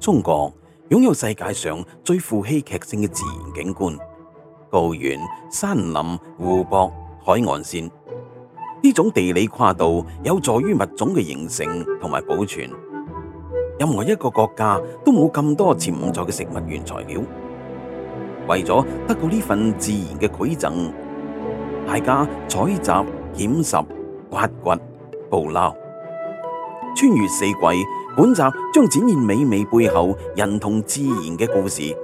中國擁有世界上最富戲劇性嘅自然景觀：高原、山林、湖泊、海岸線。呢種地理跨度有助於物種嘅形成同埋保存。任何一個國家都冇咁多潛在嘅食物原材料。為咗得到呢份自然嘅饋贈，大家採集、撿拾、挖掘、刮掘捕、捕撈，穿越四季。本集將展現美味背後人同自然嘅故事。